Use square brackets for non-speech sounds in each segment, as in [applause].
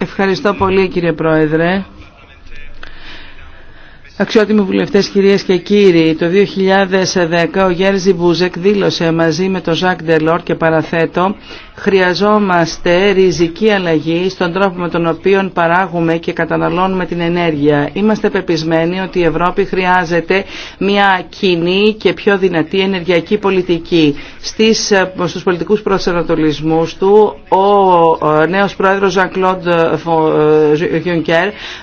Ευχαριστώ πολύ κύριε Πρόεδρε. Αξιότιμοι βουλευτές, κυρίες και κύριοι, το 2010 ο Γέρζι Μπούζεκ δήλωσε μαζί με τον Ζακ Ντελόρ και παραθέτω Χρειαζόμαστε ριζική αλλαγή στον τρόπο με τον οποίο παράγουμε και καταναλώνουμε την ενέργεια. Είμαστε πεπισμένοι ότι η Ευρώπη χρειάζεται μια κοινή και πιο δυνατή ενεργειακή πολιτική. Στις, ε, στους πολιτικούς προσανατολισμούς του, ο ε, νέος πρόεδρος Jean-Claude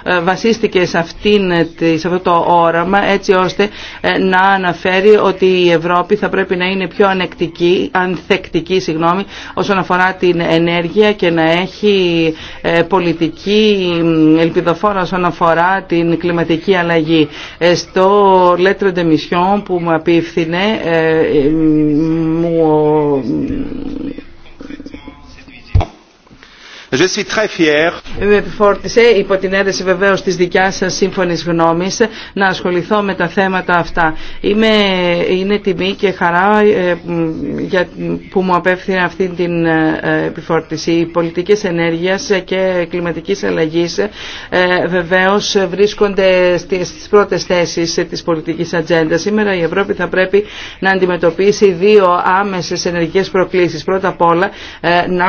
ε, βασίστηκε σε, αυτήν, σε αυτό το όραμα έτσι ώστε να αναφέρει ότι η Ευρώπη θα πρέπει να είναι πιο ανεκτική, ανθεκτική συγγνώμη, όσον αφορά την ενέργεια και να έχει ε, πολιτική ελπιδοφόρα όσον αφορά την κλιματική αλλαγή. Ε, στο Lettre που μου απίφθινε ε, μου Je suis très fier. Με υπό την ένταση βεβαίως της δικιάς σας σύμφωνης γνώμης να ασχοληθώ με τα θέματα αυτά. Είμαι, είναι τιμή και χαρά ε, για, που μου απέφθηνε αυτή την ε, Οι πολιτικές ενέργεια και κλιματικής αλλαγής ε, βεβαίως βρίσκονται στις, πρώτε πρώτες τη πολιτική πολιτικής ατζέντα. Σήμερα η Ευρώπη θα πρέπει να αντιμετωπίσει δύο άμεσε ενεργικές προκλήσει. Πρώτα απ' όλα ε, να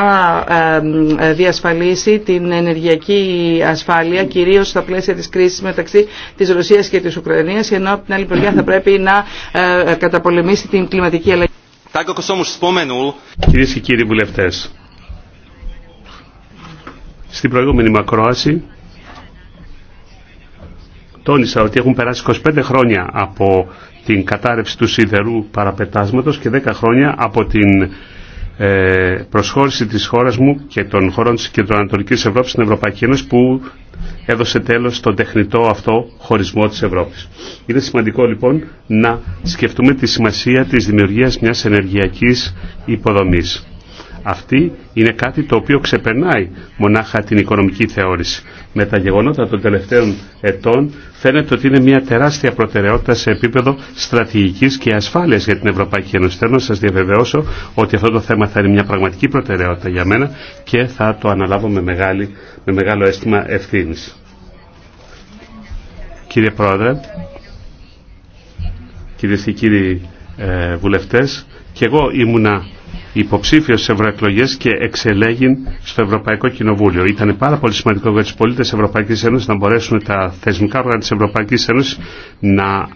ε, διασφαλίσει διασφαλίσει την ενεργειακή ασφάλεια, κυρίω στα πλαίσια τη κρίση μεταξύ τη Ρωσία και τη Ουκρανίας, ενώ από την άλλη πλευρά θα πρέπει να ε, καταπολεμήσει την κλιματική αλλαγή. Κυρίε και κύριοι βουλευτέ. στην προηγούμενη μακρόαση τόνισα ότι έχουν περάσει 25 χρόνια από την κατάρρευση του σιδερού παραπετάσματος και 10 χρόνια από την ε, προσχώρηση της χώρας μου και των χωρών της Κεντροανατολικής Ευρώπης στην Ευρωπαϊκή Ένωση που έδωσε τέλος στον τεχνητό αυτό χωρισμό της Ευρώπης. Είναι σημαντικό λοιπόν να σκεφτούμε τη σημασία της δημιουργίας μιας ενεργειακής υποδομής αυτή είναι κάτι το οποίο ξεπερνάει μονάχα την οικονομική θεώρηση. Με τα γεγονότα των τελευταίων ετών φαίνεται ότι είναι μια τεράστια προτεραιότητα σε επίπεδο στρατηγικής και ασφάλειας για την Ευρωπαϊκή Ένωση. Θέλω να σας διαβεβαιώσω ότι αυτό το θέμα θα είναι μια πραγματική προτεραιότητα για μένα και θα το αναλάβω με, μεγάλη, με μεγάλο αίσθημα ευθύνη. Κύριε Πρόεδρε, κύριε και κύριοι ε, και εγώ ήμουνα Υποψήφιο σε ευρωεκλογέ και εξελέγει στο Ευρωπαϊκό Κοινοβούλιο. Ήταν πάρα πολύ σημαντικό για του πολίτε τη Ευρωπαϊκή Ένωση να μπορέσουν τα θεσμικά όργανα τη Ευρωπαϊκή Ένωση να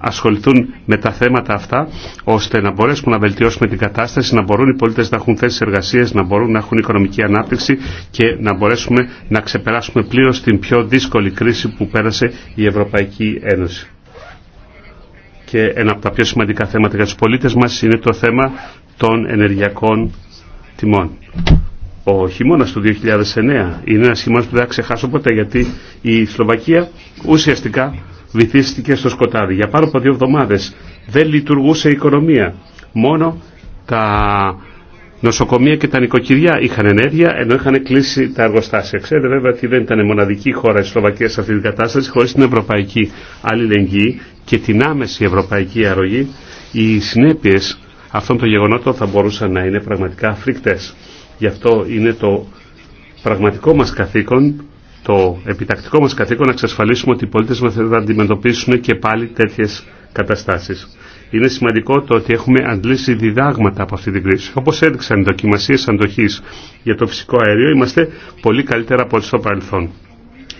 ασχοληθούν με τα θέματα αυτά ώστε να μπορέσουμε να βελτιώσουμε την κατάσταση, να μπορούν οι πολίτες να έχουν θέσει εργασία, να μπορούν να έχουν οικονομική ανάπτυξη και να μπορέσουμε να ξεπεράσουμε πλήρως την πιο δύσκολη κρίση που πέρασε η Ευρωπαϊκή Ένωση. Και ένα από τα πιο σημαντικά θέματα για τους πολίτες μας είναι το θέμα των ενεργειακών τιμών. Ο χειμώνα του 2009 είναι ένα χειμώνα που δεν θα ξεχάσω ποτέ γιατί η Σλοβακία ουσιαστικά βυθίστηκε στο σκοτάδι. Για πάνω από δύο εβδομάδε δεν λειτουργούσε η οικονομία. Μόνο τα νοσοκομεία και τα νοικοκυριά είχαν ενέργεια ενώ είχαν κλείσει τα εργοστάσια. Ξέρετε βέβαια ότι δεν ήταν η μοναδική χώρα η Σλοβακία σε αυτή την κατάσταση χωρί την ευρωπαϊκή αλληλεγγύη και την άμεση ευρωπαϊκή αρρωγή. Οι συνέπειε αυτόν το γεγονότο θα μπορούσαν να είναι πραγματικά φρικτές. Γι' αυτό είναι το πραγματικό μας καθήκον, το επιτακτικό μας καθήκον να εξασφαλίσουμε ότι οι πολίτες μας θα αντιμετωπίσουν και πάλι τέτοιες καταστάσεις. Είναι σημαντικό το ότι έχουμε αντλήσει διδάγματα από αυτή την κρίση. Όπως έδειξαν οι δοκιμασίες αντοχής για το φυσικό αέριο, είμαστε πολύ καλύτερα από ό,τι στο παρελθόν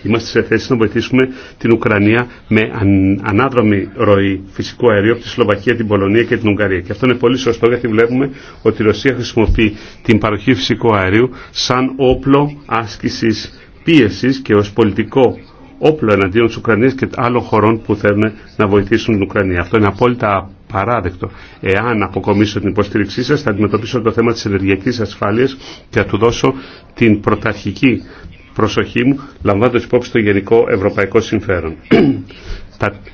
είμαστε σε θέση να βοηθήσουμε την Ουκρανία με ανάδρομη ροή φυσικού αερίου από τη Σλοβακία, την Πολωνία και την Ουγγαρία. Και αυτό είναι πολύ σωστό γιατί βλέπουμε ότι η Ρωσία χρησιμοποιεί την παροχή φυσικού αερίου σαν όπλο άσκηση πίεση και ω πολιτικό όπλο εναντίον τη Ουκρανία και άλλων χωρών που θέλουν να βοηθήσουν την Ουκρανία. Αυτό είναι απόλυτα παράδεκτο. Εάν αποκομίσω την υποστήριξή σα, θα αντιμετωπίσω το θέμα τη ενεργειακή ασφάλεια και θα του δώσω την πρωταρχική προσοχή μου, λαμβάνοντας υπόψη το γενικό ευρωπαϊκό συμφέρον. [clears throat]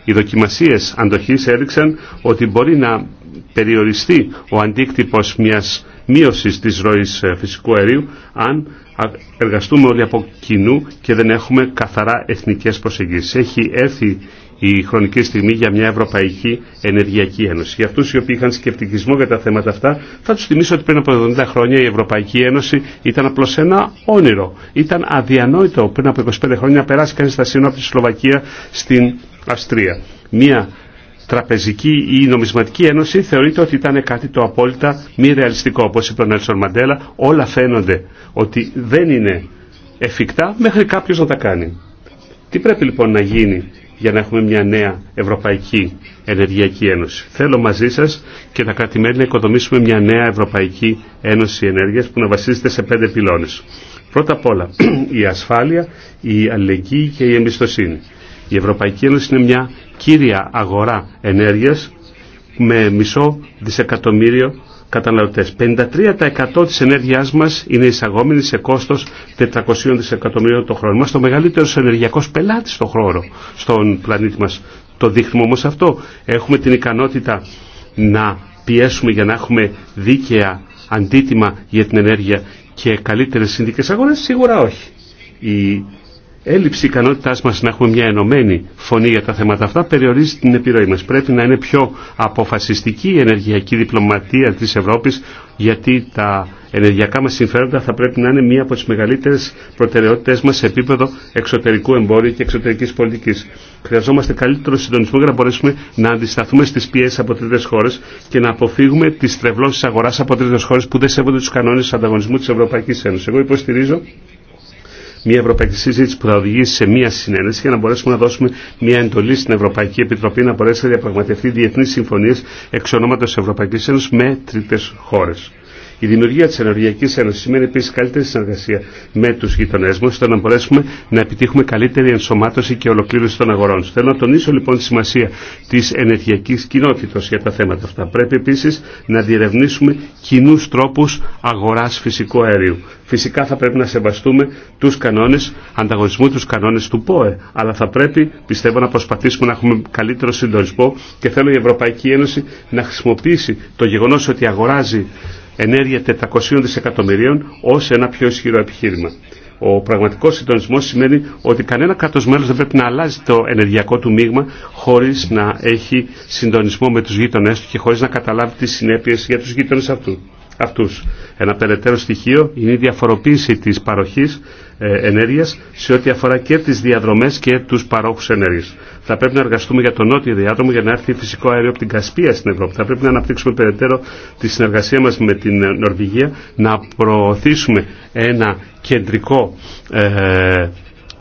Οι δοκιμασίες αντοχής έδειξαν ότι μπορεί να περιοριστεί ο αντίκτυπος μιας μείωσης της ροής ε, φυσικού αερίου αν εργαστούμε όλοι από κοινού και δεν έχουμε καθαρά εθνικές προσεγγίσεις. Έχει έρθει η χρονική στιγμή για μια Ευρωπαϊκή Ενεργειακή Ένωση. Για αυτού οι οποίοι είχαν σκεπτικισμό για τα θέματα αυτά, θα του θυμίσω ότι πριν από 70 χρόνια η Ευρωπαϊκή Ένωση ήταν απλώ ένα όνειρο. Ήταν αδιανόητο πριν από 25 χρόνια να περάσει κανεί τα σύνορα από τη Σλοβακία στην Αυστρία. Μια τραπεζική ή νομισματική ένωση θεωρείται ότι ήταν κάτι το απόλυτα μη ρεαλιστικό. Όπω είπε ο Νέλσον Μαντέλα, όλα φαίνονται ότι δεν είναι εφικτά μέχρι κάποιο να τα κάνει. Τι πρέπει λοιπόν να γίνει για να έχουμε μια νέα Ευρωπαϊκή Ενεργειακή Ένωση. Θέλω μαζί σας και τα κρατη να οικοδομήσουμε μια νέα Ευρωπαϊκή Ένωση Ενέργειας που να βασίζεται σε πέντε πυλώνες. Πρώτα απ' όλα [clears throat] η ασφάλεια, η αλληλεγγύη και η εμπιστοσύνη. Η Ευρωπαϊκή Ένωση είναι μια κύρια αγορά ενέργειας με μισό δισεκατομμύριο καταναλωτές. 53% της ενέργειάς μας είναι εισαγόμενη σε κόστος 400 δισεκατομμυρίων το χρόνο. Είμαστε ο μεγαλύτερο ενεργειακός πελάτης στον χώρο, στον πλανήτη μας. Το δείχνουμε όμω αυτό. Έχουμε την ικανότητα να πιέσουμε για να έχουμε δίκαια αντίτιμα για την ενέργεια και καλύτερες συνδικές αγορέ. Σίγουρα όχι. Η έλλειψη ικανότητά μα να έχουμε μια ενωμένη φωνή για τα θέματα αυτά περιορίζει την επιρροή μα. Πρέπει να είναι πιο αποφασιστική η ενεργειακή διπλωματία τη Ευρώπη, γιατί τα ενεργειακά μα συμφέροντα θα πρέπει να είναι μία από τι μεγαλύτερε προτεραιότητέ μα σε επίπεδο εξωτερικού εμπόριου και εξωτερική πολιτική. Χρειαζόμαστε καλύτερο συντονισμό για να μπορέσουμε να αντισταθούμε στι πιέσει από τρίτε χώρε και να αποφύγουμε τι τρευλώσει αγορά από τρίτε χώρε που δεν σέβονται του κανόνε ανταγωνισμού τη Ευρωπαϊκή Ένωση. Εγώ υποστηρίζω μια ευρωπαϊκή συζήτηση που θα οδηγήσει σε μια συνένεση για να μπορέσουμε να δώσουμε μια εντολή στην Ευρωπαϊκή Επιτροπή να μπορέσει να διαπραγματευτεί διεθνεί συμφωνίε εξ ονόματο Ευρωπαϊκή Ένωση με τρίτε χώρε. Η δημιουργία τη Ενεργειακή Ένωση σημαίνει επίση καλύτερη συνεργασία με του γειτονέ μα, ώστε να μπορέσουμε να επιτύχουμε καλύτερη ενσωμάτωση και ολοκλήρωση των αγορών. Θέλω να τονίσω λοιπόν τη σημασία τη ενεργειακή κοινότητα για τα θέματα αυτά. Πρέπει επίση να διερευνήσουμε κοινού τρόπου αγορά φυσικού αερίου. Φυσικά θα πρέπει να σεβαστούμε του κανόνε ανταγωνισμού, του κανόνε του ΠΟΕ. Αλλά θα πρέπει, πιστεύω, να προσπαθήσουμε να έχουμε καλύτερο συντονισμό και θέλω η Ευρωπαϊκή Ένωση να χρησιμοποιήσει το γεγονό ότι αγοράζει ενέργεια 400 δισεκατομμυρίων ω ένα πιο ισχυρό επιχείρημα. Ο πραγματικός συντονισμό σημαίνει ότι κανένα κράτο μέλο δεν πρέπει να αλλάζει το ενεργειακό του μείγμα χωρίς να έχει συντονισμό με τους γείτονε του και χωρίς να καταλάβει τι συνέπειε για του γείτονε αυτού αυτούς. Ένα περαιτέρω στοιχείο είναι η διαφοροποίηση της παροχής ε, ενέργειας σε ό,τι αφορά και τις διαδρομές και τους παρόχους ενέργειας. Θα πρέπει να εργαστούμε για τον νότιο διάδρομο για να έρθει φυσικό αέριο από την Κασπία στην Ευρώπη. Θα πρέπει να αναπτύξουμε περαιτέρω τη συνεργασία μας με την ε, Νορβηγία, να προωθήσουμε ένα κεντρικό ε,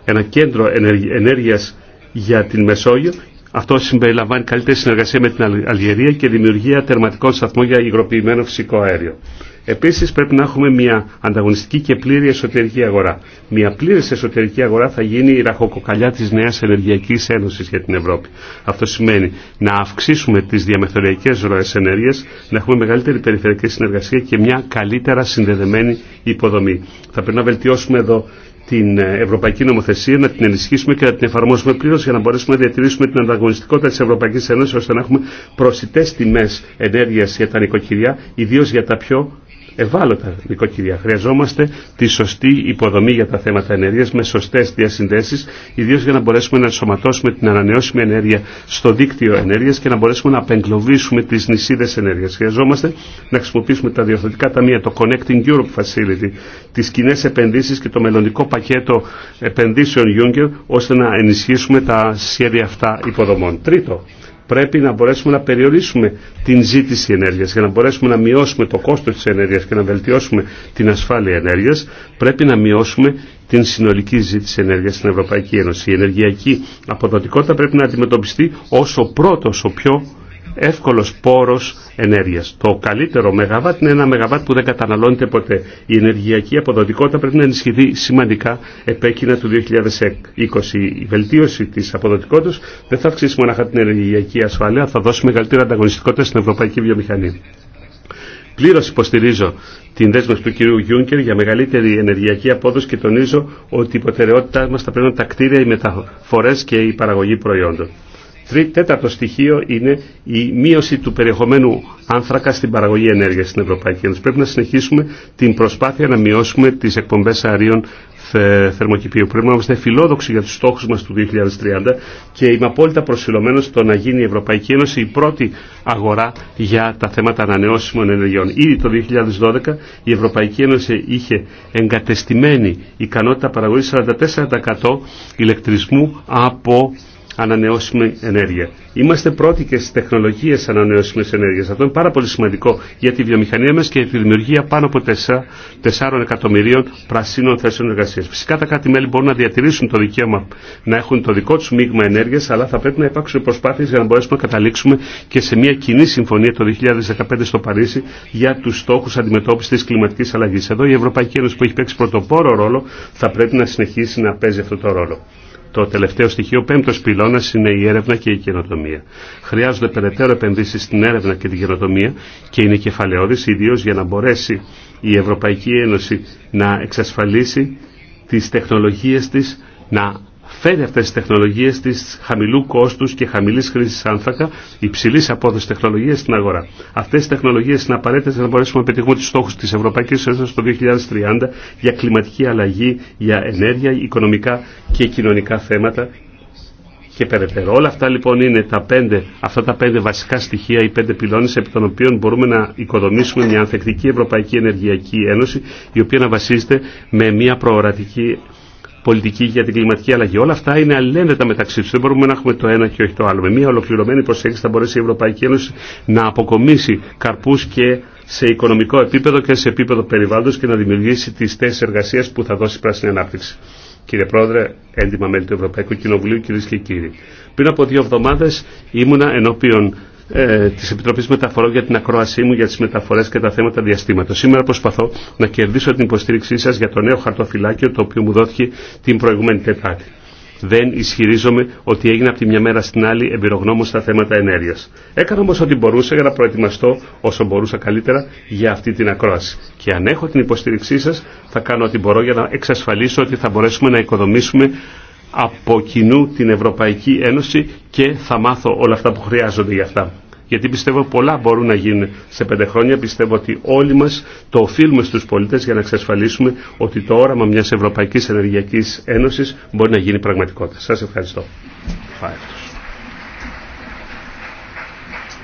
ένα κέντρο ενέργειας για την Μεσόγειο αυτό συμπεριλαμβάνει καλύτερη συνεργασία με την Αλγερία και δημιουργία τερματικών σταθμών για υγροποιημένο φυσικό αέριο. Επίση πρέπει να έχουμε μια ανταγωνιστική και πλήρη εσωτερική αγορά. Μια πλήρη εσωτερική αγορά θα γίνει η ραχοκοκαλιά τη νέα Ενεργειακή Ένωση για την Ευρώπη. Αυτό σημαίνει να αυξήσουμε τι διαμεθοριακέ ροέ ενέργεια, να έχουμε μεγαλύτερη περιφερειακή συνεργασία και μια καλύτερα συνδεδεμένη υποδομή. Θα πρέπει να βελτιώσουμε εδώ την ε, ευρωπαϊκή νομοθεσία, να την ενισχύσουμε και να την εφαρμόσουμε πλήρω για να μπορέσουμε να διατηρήσουμε την ανταγωνιστικότητα τη Ευρωπαϊκή Ένωση ώστε να έχουμε προσιτέ τιμέ ενέργεια για τα νοικοκυριά, ιδίω για τα πιο ευάλωτα νοικοκυριά. Χρειαζόμαστε τη σωστή υποδομή για τα θέματα ενέργεια με σωστέ διασυνδέσει, ιδίω για να μπορέσουμε να ενσωματώσουμε την ανανεώσιμη ενέργεια στο δίκτυο ενέργεια και να μπορέσουμε να απεγκλωβίσουμε τι νησίδε ενέργεια. Χρειαζόμαστε να χρησιμοποιήσουμε τα διορθωτικά ταμεία, το Connecting Europe Facility, τι κοινέ επενδύσει και το μελλοντικό πακέτο επενδύσεων Juncker, ώστε να ενισχύσουμε τα σχέδια αυτά υποδομών. Τρίτο, πρέπει να μπορέσουμε να περιορίσουμε την ζήτηση ενέργειας για να μπορέσουμε να μειώσουμε το κόστος της ενέργειας και να βελτιώσουμε την ασφάλεια ενέργειας πρέπει να μειώσουμε την συνολική ζήτηση ενέργειας στην Ευρωπαϊκή Ένωση. Η ενεργειακή αποδοτικότητα πρέπει να αντιμετωπιστεί όσο πρώτο, πρώτος, πιο εύκολος πόρος ενέργειας. Το καλύτερο μεγαβάτ είναι ένα μεγαβάτ που δεν καταναλώνεται ποτέ. Η ενεργειακή αποδοτικότητα πρέπει να ενισχυθεί σημαντικά επέκεινα του 2020. Η βελτίωση της αποδοτικότητας δεν θα αυξήσει μοναχα την ενεργειακή ασφάλεια, θα δώσει μεγαλύτερη ανταγωνιστικότητα στην ευρωπαϊκή βιομηχανία. Πλήρω υποστηρίζω την δέσμευση του κ. Γιούνκερ για μεγαλύτερη ενεργειακή απόδοση και τονίζω ότι η προτεραιότητά μα θα πρέπει να τα κτίρια, οι μεταφορέ και η παραγωγή προϊόντων τέταρτο στοιχείο είναι η μείωση του περιεχομένου άνθρακα στην παραγωγή ενέργειας στην Ευρωπαϊκή Ένωση. Πρέπει να συνεχίσουμε την προσπάθεια να μειώσουμε τι εκπομπέ αερίων θερμοκηπίου. Πρέπει να είμαστε φιλόδοξοι για τους στόχους μας του 2030 και είμαι απόλυτα προσιλωμένο στο να γίνει η Ευρωπαϊκή Ένωση η πρώτη αγορά για τα θέματα ανανεώσιμων ενεργειών. Ήδη το 2012 η Ευρωπαϊκή Ένωση είχε εγκατεστημένη ικανότητα παραγωγή 44% ηλεκτρισμού από ανανεώσιμη ενέργεια. Είμαστε πρώτοι και στι τεχνολογίε ανανεώσιμη ενέργεια. Αυτό είναι πάρα πολύ σημαντικό για τη βιομηχανία μα και τη δημιουργία πάνω από 4 εκατομμυρίων πρασίνων θέσεων εργασία. Φυσικά τα κράτη-μέλη μπορούν να διατηρήσουν το δικαίωμα να έχουν το δικό του μείγμα ενέργεια, αλλά θα πρέπει να υπάρξουν προσπάθειε για να μπορέσουμε να καταλήξουμε και σε μια κοινή συμφωνία το 2015 στο Παρίσι για του στόχου αντιμετώπιση τη κλιματική αλλαγή. Εδώ η Ευρωπαϊκή Ένωση που έχει παίξει πρωτοπόρο ρόλο θα πρέπει να συνεχίσει να παίζει αυτό το ρόλο. Το τελευταίο στοιχείο, πέμπτο πυλώνα, είναι η έρευνα και η καινοτομία. Χρειάζονται περαιτέρω επενδύσει στην έρευνα και την καινοτομία και είναι κεφαλαιώδη, ιδίω για να μπορέσει η Ευρωπαϊκή Ένωση να εξασφαλίσει τι τεχνολογίε τη να φέρει αυτέ τι τεχνολογίε τη χαμηλού κόστου και χαμηλής χρήση άνθρακα, υψηλή απόδοση τεχνολογία στην αγορά. Αυτέ οι τεχνολογίε είναι απαραίτητε για να μπορέσουμε να πετύχουμε τους στόχου τη Ευρωπαϊκή Ένωση το 2030 για κλιματική αλλαγή, για ενέργεια, οικονομικά και κοινωνικά θέματα και περαιτέρω. Όλα αυτά λοιπόν είναι τα πέντε, αυτά τα πέντε βασικά στοιχεία, οι πέντε πυλώνες επί των οποίων μπορούμε να οικοδομήσουμε μια ανθεκτική Ευρωπαϊκή Ενεργειακή Ένωση η οποία να βασίζεται με μια προορατική πολιτική για την κλιματική αλλαγή. Όλα αυτά είναι αλληλένδετα μεταξύ του. Δεν μπορούμε να έχουμε το ένα και όχι το άλλο. Με μια ολοκληρωμένη προσέγγιση θα μπορέσει η Ευρωπαϊκή Ένωση να αποκομίσει καρπού και σε οικονομικό επίπεδο και σε επίπεδο περιβάλλοντο και να δημιουργήσει τι θέσει εργασία που θα δώσει πράσινη ανάπτυξη. Κύριε Πρόεδρε, έντιμα μέλη του Ευρωπαϊκού Κοινοβουλίου, κυρίε και κύριοι. Πριν από δύο εβδομάδε ήμουνα ενώπιον ε, τη Επιτροπή Μεταφορών για την ακρόασή μου για τι μεταφορέ και τα θέματα διαστήματο. Σήμερα προσπαθώ να κερδίσω την υποστήριξή σα για το νέο χαρτοφυλάκιο το οποίο μου δόθηκε την προηγούμενη Τετάρτη. Δεν ισχυρίζομαι ότι έγινα από τη μια μέρα στην άλλη εμπειρογνώμο στα θέματα ενέργεια. Έκανα όμω ό,τι μπορούσα για να προετοιμαστώ όσο μπορούσα καλύτερα για αυτή την ακρόαση. Και αν έχω την υποστήριξή σα, θα κάνω ό,τι μπορώ για να εξασφαλίσω ότι θα μπορέσουμε να οικοδομήσουμε από κοινού την Ευρωπαϊκή Ένωση και θα μάθω όλα αυτά που χρειάζονται για αυτά. Γιατί πιστεύω πολλά μπορούν να γίνουν σε πέντε χρόνια. Πιστεύω ότι όλοι μας το οφείλουμε στους πολίτες για να εξασφαλίσουμε ότι το όραμα μιας Ευρωπαϊκής Ενεργειακής Ένωσης μπορεί να γίνει πραγματικότητα. Σας ευχαριστώ.